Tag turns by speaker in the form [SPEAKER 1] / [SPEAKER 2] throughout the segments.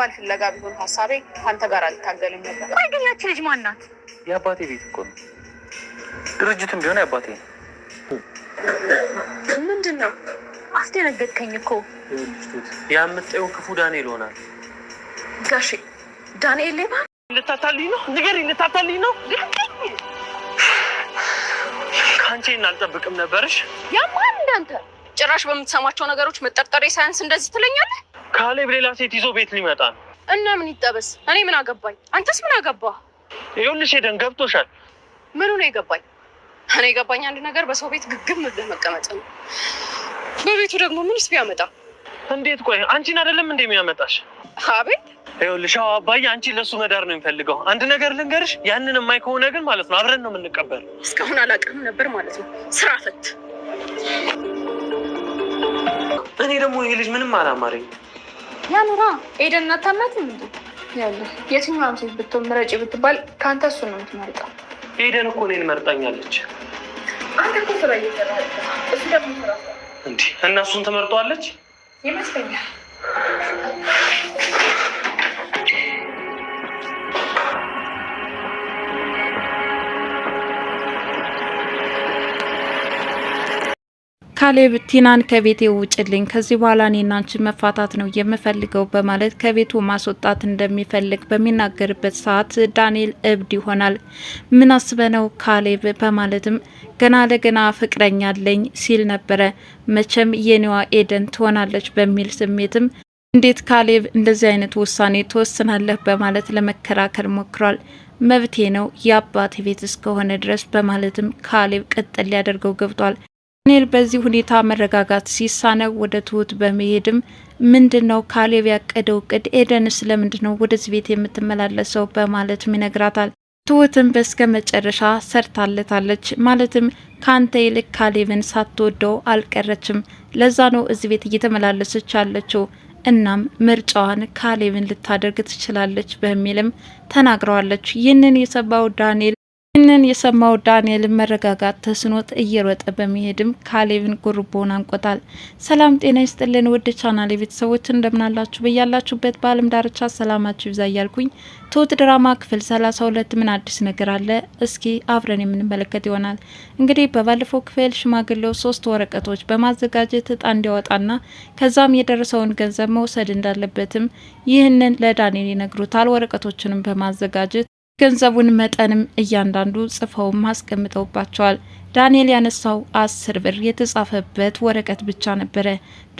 [SPEAKER 1] ባል ፍለጋ ቢሆን ሀሳቤ ከአንተ ጋር አልታገልም ነበር።
[SPEAKER 2] ቆይ ግን ያቺ ልጅ ማን ናት?
[SPEAKER 3] የአባቴ ቤት እኮ ነው። ድርጅትም ቢሆን የአባቴ ነው።
[SPEAKER 2] ምንድን ነው? አስደነገጥከኝ እኮ።
[SPEAKER 3] የምጠየው ክፉ ዳንኤል ይሆናል።
[SPEAKER 2] ጋሽ ዳንኤል ሌባ
[SPEAKER 4] ልታታልኝ ነው? ንገሪኝ፣ ልታታልኝ ነው?
[SPEAKER 3] ከአንቺ አልጠብቅም ነበርሽ።
[SPEAKER 2] ያማን እንዳንተ ጭራሽ በምትሰማቸው ነገሮች መጠርጠሬ ሳያንስ እንደዚህ ትለኛለህ።
[SPEAKER 3] ካሌብ ሌላ ሴት ይዞ ቤት ሊመጣ ነው።
[SPEAKER 2] እና ምን ይጠበስ? እኔ ምን አገባኝ? አንተስ ምን አገባ?
[SPEAKER 3] ይኸውልሽ ሄደን ገብቶሻል።
[SPEAKER 2] ምኑ ነው የገባኝ? እኔ የገባኝ አንድ ነገር በሰው ቤት ግግም ብለህ መቀመጥ ነው። በቤቱ ደግሞ ምንስ ቢያመጣ?
[SPEAKER 3] እንዴት? ቆይ አንቺን አይደለም እንደ የሚያመጣሽ? አቤት ይኸውልሽ፣ አዎ አባዬ፣ አንቺን ለእሱ መዳር ነው የሚፈልገው። አንድ ነገር ልንገርሽ፣ ያንን የማይ ከሆነ ግን ማለት ነው አብረን ነው የምንቀበል።
[SPEAKER 2] እስካሁን አላውቅም ነበር ማለት ነው። ስራ ፈት።
[SPEAKER 3] እኔ ደግሞ ይህ ልጅ ምንም አላማረኝ
[SPEAKER 2] ያኑራ ኤደን እናታናትም እንዲ ያለ የትኛዋም ሴት ብትሆን ምረጭ ብትባል ከአንተ እሱ ነው የምትመርጠው።
[SPEAKER 3] ኤደን እኮ እኔን መርጣኛለች።
[SPEAKER 2] አንተ እኮ ስራ እየሰራ እሱ ደግሞ ስራ
[SPEAKER 3] እንዲህ እና እሱን ትመርጠዋለች
[SPEAKER 2] ይመስለኛል።
[SPEAKER 5] ካሌብ ቲናን ከቤቴ ውጭልኝ፣ ከዚህ በኋላ እኔና አንቺ መፋታት ነው የምፈልገው በማለት ከቤቱ ማስወጣት እንደሚፈልግ በሚናገርበት ሰዓት ዳንኤል እብድ ይሆናል። ምን አስበ ነው ካሌብ በማለትም ገና ለገና ፍቅረኛ አለኝ ሲል ነበረ። መቼም የኔዋ ኤደን ትሆናለች በሚል ስሜትም እንዴት ካሌብ እንደዚህ አይነት ውሳኔ ትወስናለህ በማለት ለመከራከር ሞክሯል። መብቴ ነው የአባቴ ቤት እስከሆነ ድረስ በማለትም ካሌብ ቀጠል ሊያደርገው ገብቷል። ዳንኤል በዚህ ሁኔታ መረጋጋት ሲሳነው ወደ ትሁት በመሄድም ምንድን ነው ካሌብ ያቀደው እቅድ? ኤደንስ ለምንድን ነው ወደዚህ ቤት የምትመላለሰው? በማለትም ይነግራታል። ትሁትም በስከ መጨረሻ ሰርታለታለች። ማለትም ከአንተ ይልቅ ካሌብን ሳትወደው አልቀረችም። ለዛ ነው እዚህ ቤት እየተመላለሰች ያለችው። እናም ምርጫዋን ካሌብን ልታደርግ ትችላለች በሚልም ተናግረዋለች። ይህንን የሰባው ዳንኤል ይህንን የሰማው ዳንኤል መረጋጋት ተስኖት እየሮጠ በመሄድም ካሌብን ጉርቦን አንቆታል። ሰላም ጤና ይስጥልን ውድ ቻናል የቤተሰቦች እንደምናላችሁ በያላችሁበት በአለም ዳርቻ ሰላማችሁ ይብዛ እያልኩኝ ትሁት ድራማ ክፍል 32 ምን አዲስ ነገር አለ እስኪ አብረን የምንመለከት ይሆናል። እንግዲህ በባለፈው ክፍል ሽማግሌው ሶስት ወረቀቶች በማዘጋጀት እጣ እንዲያወጣና ከዛም የደረሰውን ገንዘብ መውሰድ እንዳለበትም ይህንን ለዳንኤል ይነግሩታል። ወረቀቶችንም በማዘጋጀት ገንዘቡን መጠንም እያንዳንዱ ጽፈውም አስቀምጠውባቸዋል። ዳንኤል ያነሳው አስር ብር የተጻፈበት ወረቀት ብቻ ነበረ።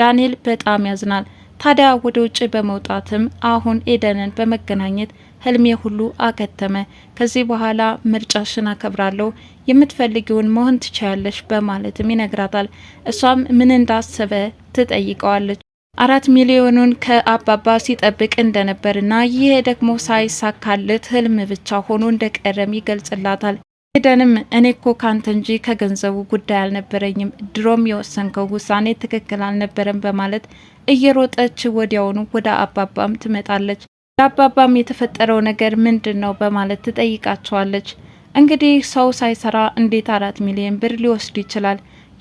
[SPEAKER 5] ዳንኤል በጣም ያዝናል። ታዲያ ወደ ውጭ በመውጣትም አሁን ኤደንን በመገናኘት ህልሜ ሁሉ አከተመ። ከዚህ በኋላ ምርጫሽን አከብራለሁ፣ የምትፈልጊውን መሆን ትችያለሽ በማለትም ይነግራታል። እሷም ምን እንዳሰበ ትጠይቀዋለች። አራት ሚሊዮኑን ከአባባ ሲጠብቅ እንደነበርና ይህ ደግሞ ሳይሳካለት ህልም ብቻ ሆኖ እንደቀረም ይገልጽላታል። ሄደንም እኔ እኮ ካንተ እንጂ ከገንዘቡ ጉዳይ አልነበረኝም፣ ድሮም የወሰንከው ውሳኔ ትክክል አልነበረም በማለት እየሮጠች ወዲያውኑ ወደ አባባም ትመጣለች። ለአባባም የተፈጠረው ነገር ምንድን ነው በማለት ትጠይቃቸዋለች። እንግዲህ ሰው ሳይሰራ እንዴት አራት ሚሊዮን ብር ሊወስድ ይችላል?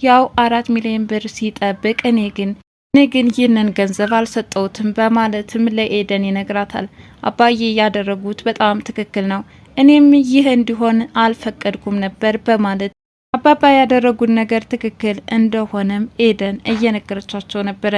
[SPEAKER 5] ያው አራት ሚሊዮን ብር ሲጠብቅ እኔ ግን እኔ ግን ይህንን ገንዘብ አልሰጠውትም በማለትም ለኤደን ይነግራታል። አባዬ ያደረጉት በጣም ትክክል ነው፣ እኔም ይህ እንዲሆን አልፈቀድኩም ነበር በማለት አባባ ያደረጉን ነገር ትክክል እንደሆነም ኤደን እየነገረቻቸው ነበረ።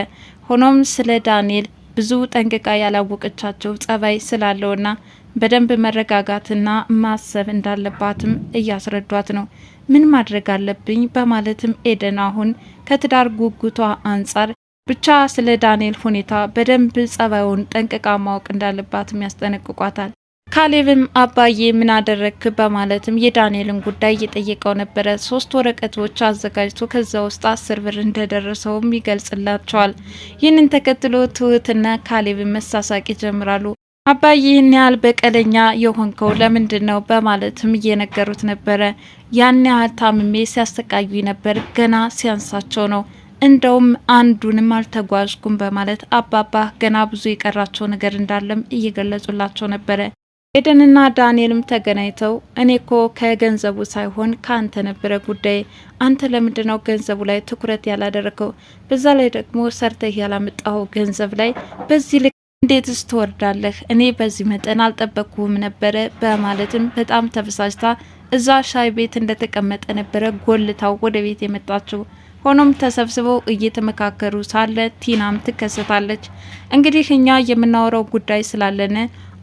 [SPEAKER 5] ሆኖም ስለ ዳንኤል ብዙ ጠንቅቃ ያላወቀቻቸው ጸባይ ስላለውና በደንብ መረጋጋትና ማሰብ እንዳለባትም እያስረዷት ነው። ምን ማድረግ አለብኝ በማለትም ኤደን አሁን ከትዳር ጉጉቷ አንጻር ብቻ ስለ ዳንኤል ሁኔታ በደንብ ጸባዩን ጠንቅቃ ማወቅ እንዳለባትም ያስጠነቅቋታል። ካሌብም አባዬ ምን አደረግክ በማለትም የዳንኤልን ጉዳይ እየጠየቀው ነበረ። ሶስት ወረቀቶች አዘጋጅቶ ከዛ ውስጥ አስር ብር እንደደረሰውም ይገልጽላቸዋል። ይህንን ተከትሎ ትሁትና ካሌብን መሳሳቅ ይጀምራሉ። አባዬ ይህን ያህል በቀለኛ የሆንከው ለምንድን ነው በማለትም እየነገሩት ነበረ። ያን ያህል ታምሜ ሲያሰቃዩ ነበር፣ ገና ሲያንሳቸው ነው እንደውም አንዱንም አልተጓዝኩም በማለት አባባ ገና ብዙ የቀራቸው ነገር እንዳለም እየገለጹላቸው ነበረ። ኤደንና ዳንኤልም ተገናኝተው እኔ ኮ ከገንዘቡ ሳይሆን ከአንተ ነበረ ጉዳይ። አንተ ለምንድነው ገንዘቡ ላይ ትኩረት ያላደረገው? በዛ ላይ ደግሞ ሰርተህ ያላመጣው ገንዘብ ላይ በዚህ ልክ እንዴትስ ትወርዳለህ? እኔ በዚህ መጠን አልጠበቅኩም ነበረ በማለትም በጣም ተበሳጭታ እዛ ሻይ ቤት እንደተቀመጠ ነበረ ጎልታው ወደ ቤት የመጣችው። ሆኖም ተሰብስበው እየተመካከሩ ሳለ ቲናም ትከሰታለች። እንግዲህ እኛ የምናወራው ጉዳይ ስላለን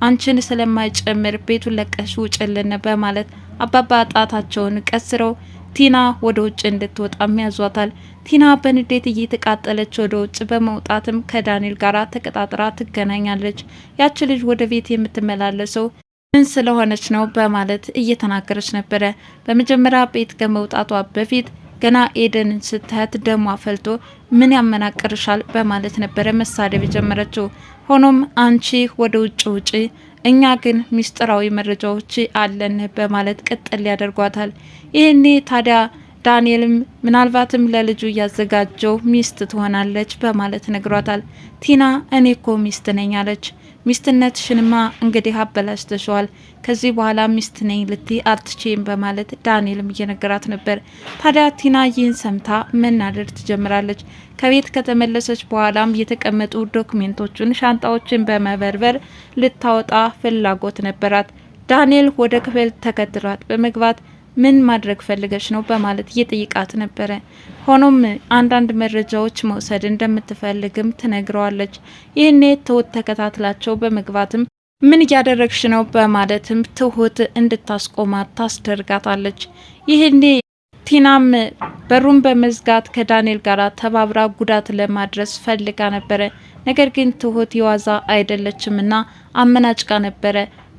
[SPEAKER 5] አንቺን ስለማይጨምር ቤቱን ለቀሽ ውጭልን በማለት አባባ ጣታቸውን ቀስረው ቲና ወደ ውጭ እንድትወጣም ያዟታል። ቲና በንዴት እየተቃጠለች ወደ ውጭ በመውጣትም ከዳንኤል ጋር ተቀጣጥራ ትገናኛለች። ያች ልጅ ወደ ቤት የምትመላለሰው ምን ስለሆነች ነው በማለት እየተናገረች ነበረ። በመጀመሪያ ቤት ከመውጣቷ በፊት ገና ኤደንን ስታያት ደሟ ፈልቶ ምን ያመናቅርሻል በማለት ነበረ መሳደብ የጀመረችው። ሆኖም አንቺ ወደ ውጭ ውጪ፣ እኛ ግን ሚስጥራዊ መረጃዎች አለን በማለት ቅጥል ያደርጓታል። ይህኔ ታዲያ ዳንኤልም ምናልባትም ለልጁ እያዘጋጀው ሚስት ትሆናለች በማለት ነግሯታል። ቲና እኔ ኮ ሚስት ነኝ አለች። ሚስትነትሽንማ እንግዲህ አበላሽተሸዋል። ከዚህ በኋላ ሚስት ነኝ ልትይ አልትቼም በማለት ዳንኤልም እየነገራት ነበር። ታዲያ ቲና ይህን ሰምታ መናደድ ትጀምራለች። ከቤት ከተመለሰች በኋላም የተቀመጡ ዶክሜንቶቹን፣ ሻንጣዎችን በመበርበር ልታወጣ ፍላጎት ነበራት። ዳንኤል ወደ ክፍል ተከትሏት በመግባት ምን ማድረግ ፈልገች ነው በማለት እየጠይቃት ነበረ። ሆኖም አንዳንድ መረጃዎች መውሰድ እንደምትፈልግም ትነግረዋለች። ይህኔ ትሁት ተከታትላቸው በመግባትም ምን እያደረግሽ ነው በማለትም ትሁት እንድታስቆማት ታስደርጋታለች። ይህኔ ቲናም በሩን በመዝጋት ከዳንኤል ጋር ተባብራ ጉዳት ለማድረስ ፈልጋ ነበረ። ነገር ግን ትሁት የዋዛ አይደለችም እና አመናጭቃ ነበረ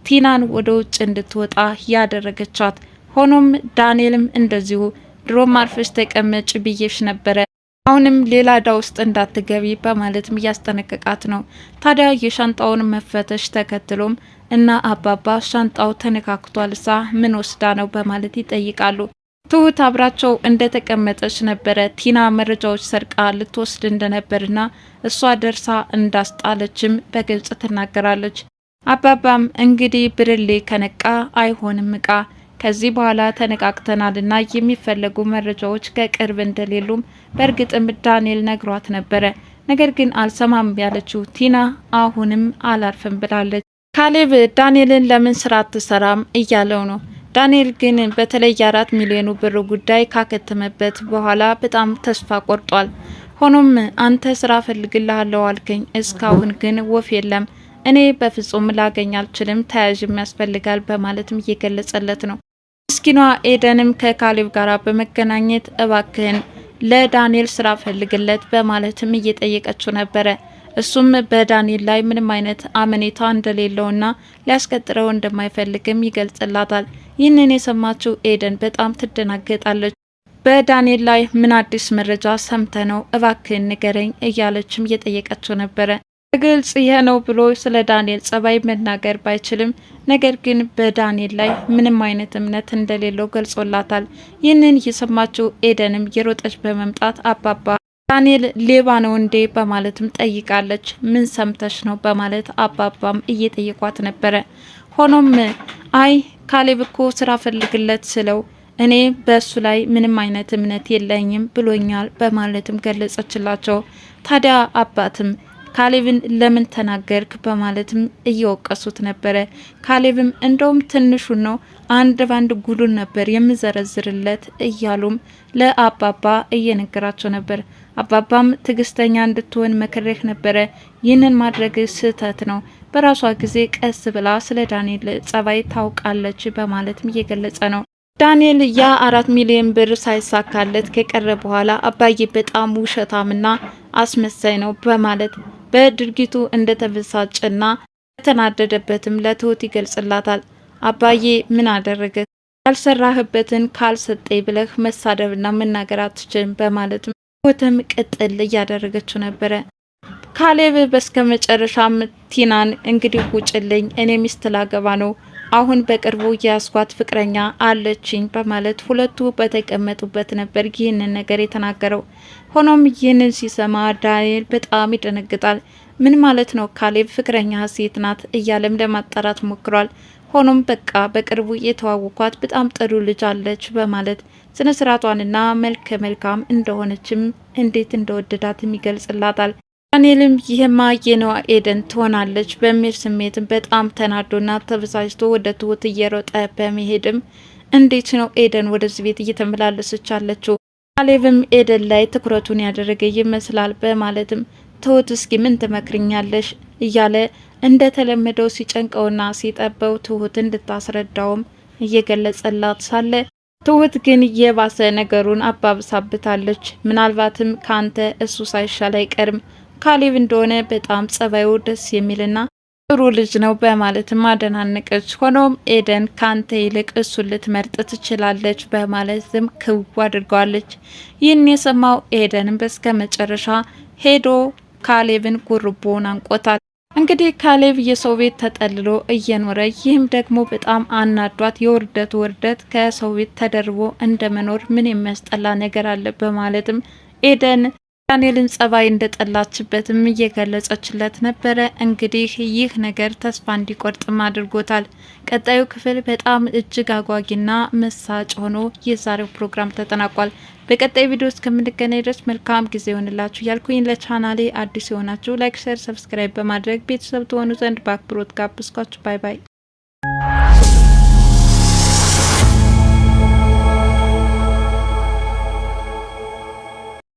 [SPEAKER 5] ቲናን ወደ ውጭ እንድትወጣ ያደረገቻት። ሆኖም ዳንኤልም እንደዚሁ ድሮም አርፈሽ ተቀመጭ ብዬሽ ነበረ አሁንም ሌላ ዳ ውስጥ እንዳትገቢ በማለትም እያስጠነቀቃት ነው። ታዲያ የሻንጣውን መፈተሽ ተከትሎም እና አባባ ሻንጣው ተነካክቷል ሳ ምን ወስዳ ነው በማለት ይጠይቃሉ። ትሁት አብራቸው እንደተቀመጠች ነበረ ቲና መረጃዎች ሰርቃ ልትወስድ እንደነበርና እሷ ደርሳ እንዳስጣለችም በግልጽ ትናገራለች። አባባም እንግዲህ ብርሌ ከነቃ አይሆንም እቃ ከዚህ በኋላ ተነቃቅተናልና የሚፈለጉ መረጃዎች ከቅርብ እንደሌሉም በእርግጥም ዳንኤል ነግሯት ነበረ። ነገር ግን አልሰማም ያለችው ቲና አሁንም አላርፍም ብላለች። ካሌብ ዳንኤልን ለምን ስራ አትሰራም እያለው ነው። ዳንኤል ግን በተለይ የአራት ሚሊዮኑ ብር ጉዳይ ካከተመበት በኋላ በጣም ተስፋ ቆርጧል። ሆኖም አንተ ስራ ፈልግልሃለሁ አልከኝ፣ እስካሁን ግን ወፍ የለም እኔ በፍጹም ላገኝ አልችልም፣ ተያዥም ያስፈልጋል በማለትም እየገለጸለት ነው። ምስኪኗ ኤደንም ከካሌብ ጋር በመገናኘት እባክህን ለዳንኤል ስራ ፈልግለት በማለትም እየጠየቀችው ነበረ። እሱም በዳንኤል ላይ ምንም አይነት አመኔታ እንደሌለውና ሊያስቀጥረው እንደማይፈልግም ይገልጽላታል። ይህንን የሰማችው ኤደን በጣም ትደናገጣለች። በዳንኤል ላይ ምን አዲስ መረጃ ሰምተ ነው? እባክህን ንገረኝ እያለችም እየጠየቀችው ነበረ። በግልጽ ይሄ ነው ብሎ ስለ ዳንኤል ጸባይ መናገር ባይችልም ነገር ግን በዳንኤል ላይ ምንም አይነት እምነት እንደሌለው ገልጾላታል። ይህንን የሰማችው ኤደንም የሮጠች በመምጣት አባባ ዳንኤል ሌባ ነው እንዴ በማለትም ጠይቃለች። ምን ሰምተሽ ነው በማለት አባባም እየጠየቋት ነበረ። ሆኖም አይ ካሌብ እኮ ስራ ፈልግለት ስለው እኔ በእሱ ላይ ምንም አይነት እምነት የለኝም ብሎኛል በማለትም ገለጸችላቸው። ታዲያ አባትም ካሌብን ለምን ተናገርክ በማለትም እየወቀሱት ነበረ። ካሌብም እንደውም ትንሹ ነው አንድ ባንድ ጉዱን ነበር የምዘረዝርለት እያሉም ለአባባ እየነገራቸው ነበር። አባባም ትዕግስተኛ እንድትሆን መክሬህ ነበረ። ይህንን ማድረግ ስህተት ነው። በራሷ ጊዜ ቀስ ብላ ስለ ዳንኤል ጸባይ ታውቃለች በማለትም እየገለጸ ነው። ዳንኤል ያ አራት ሚሊዮን ብር ሳይሳካለት ከቀረ በኋላ አባዬ በጣም ውሸታምና አስመሳይ ነው በማለት በድርጊቱ እንደተበሳጨና የተናደደበትም ለትሁት ይገልጽላታል። አባዬ ምን አደረገ? ያልሰራህበትን ካልሰጠኝ ብለህ መሳደብና መናገር አትችልም በማለት ትሁትም ቅጥል እያደረገችው ነበረ። ካሌብ በስከ መጨረሻም ቲናን እንግዲህ ውጭልኝ እኔ ሚስት ላገባ ነው አሁን በቅርቡ የያስኳት ፍቅረኛ አለችኝ በማለት ሁለቱ በተቀመጡበት ነበር ይህንን ነገር የተናገረው። ሆኖም ይህንን ሲሰማ ዳንኤል በጣም ይደነግጣል። ምን ማለት ነው ካሌብ ፍቅረኛ ሴት ናት እያለም ለማጣራት ሞክሯል። ሆኖም በቃ በቅርቡ የተዋወኳት በጣም ጥሩ ልጅ አለች በማለት ስነ ስርዓቷንና መልከ መልካም እንደሆነችም እንዴት እንደወደዳትም ይገልጽላታል። ዳንኤልም ይህማ የነዋ ኤደን ትሆናለች በሚል ስሜትም በጣም ተናዶና ተበሳጭቶ ወደ ትሁት እየሮጠ በመሄድም እንዴት ነው ኤደን ወደዚህ ቤት እየተመላለሰች አለችው? ካሌብም ኤደን ላይ ትኩረቱን ያደረገ ይመስላል በማለትም ትሁት እስኪ ምን ትመክርኛለሽ እያለ እንደተለመደው ሲጨንቀውና ሲጠበው ትሁት እንድታስረዳውም እየገለጸላት ሳለ ትሁት ግን የባሰ ነገሩን አባብሳብታለች። ምናልባትም ከአንተ እሱ ሳይሻል አይቀርም ካሌብ እንደሆነ በጣም ጸባዩ ደስ የሚልና ጥሩ ልጅ ነው በማለትም አደናነቀች። ሆኖም ኤደን ካንተ ይልቅ እሱን ልትመርጥ ትችላለች በማለትም ክው አድርገዋለች። ይህን የሰማው ኤደንም በስከ መጨረሻ ሄዶ ካሌብን ጉርቦን አንቆታል። እንግዲህ ካሌብ የሰው ቤት ተጠልሎ እየኖረ ይህም ደግሞ በጣም አናዷት፣ የውርደት ውርደት ከሰው ቤት ተደርቦ እንደመኖር ምን የሚያስጠላ ነገር አለ በማለትም ኤደን ዳንኤልን ጸባይ እንደጠላችበትም እየገለጸችለት ነበረ። እንግዲህ ይህ ነገር ተስፋ እንዲቆርጥም አድርጎታል። ቀጣዩ ክፍል በጣም እጅግ አጓጊና መሳጭ ሆኖ የዛሬው ፕሮግራም ተጠናቋል። በቀጣይ ቪዲዮ እስከምንገናኝ ድረስ መልካም ጊዜ ይሆንላችሁ እያልኩኝ ለቻናሌ አዲስ የሆናችሁ ላይክ፣ ሸር፣ ሰብስክራይብ በማድረግ ቤተሰብ ትሆኑ ዘንድ በአክብሮት ጋብዝኳችሁ። ባይ ባይ።